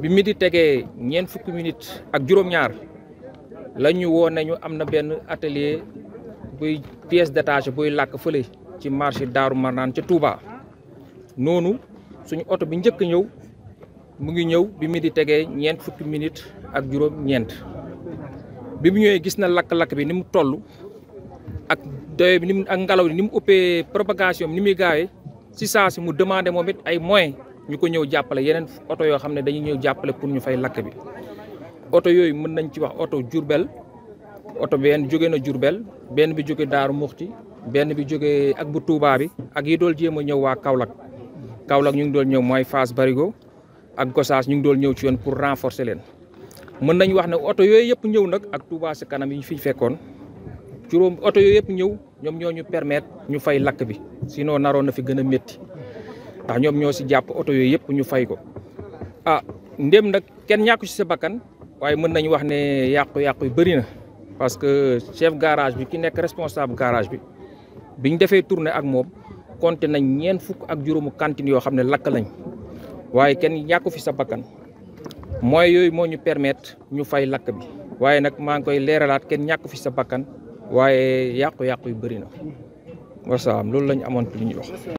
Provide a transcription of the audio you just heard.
bi mi di tegee ñeent fukki minutes ak juróom-ñaar la ñu nañu am na benn atelier buy pièce détachée buy làkk fële ci marché Daaru Marnaan ca Touba noonu suñu oto bi njëkk ñëw mu ngi ñëw bi mi di tegee ñeent fukki minutes ak juróom-ñeent bi mu ñëwee gis na lakk-lakk bi ni mu toll ak doye bi ni mu ak ngelaw li ni mu ëppee propagation bi ni muy gaawee si saa si mu demandé moom it ay moyens ñu ko ñëw jàppale yeneen oto yoo xam ne dañuy ñëw jàppale pour ñu fay lakk bi oto yooyu mën nañ ci wax oto Jurbel oto benn jóge na Jurbel benn bi jóge Daaru Muxti benn bi jóge ak bu Tuubaa bi ak yi dool jéem a ñëw waa Kaolack Kaolack ñu ngi doon ñëw mooy Fass Barigo ak Gossas ñu ngi doon ñëw ci yoon pour renforcer leen mën nañ wax ne oto yooyu yëpp ñëw nag ak Touba si kanam yi ñu fi fekkoon juróom oto yooyu yëpp ñëw ñoom ñoo ñu permettre ñu fay lakk bi sinon naroon na fi gën a métti ndax ñoom ñoo si jàpp oto yooyu yëpp ñu fay ko ah ndém nag kenn ñàkku si sa bakkan waaye mën nañu wax ne yàqu-yàqu yu bëri na parce que chef garage bi ki nekk responsable garage bi bi ñu defee tournée ak moom compté nañ ñeen fukk ak juróomu cantine yoo xam ne lakk lañ waaye kenn ñàkku fi sa bakkan mooy yooyu moo ñu permettre ñu fay lakk bi waaye nag maa ngi koy leeralaat kenn ñàkku fi sa bakkan waaye yàqu-yàqu yu bëri na loolu lañ amoon ci li ñuy wax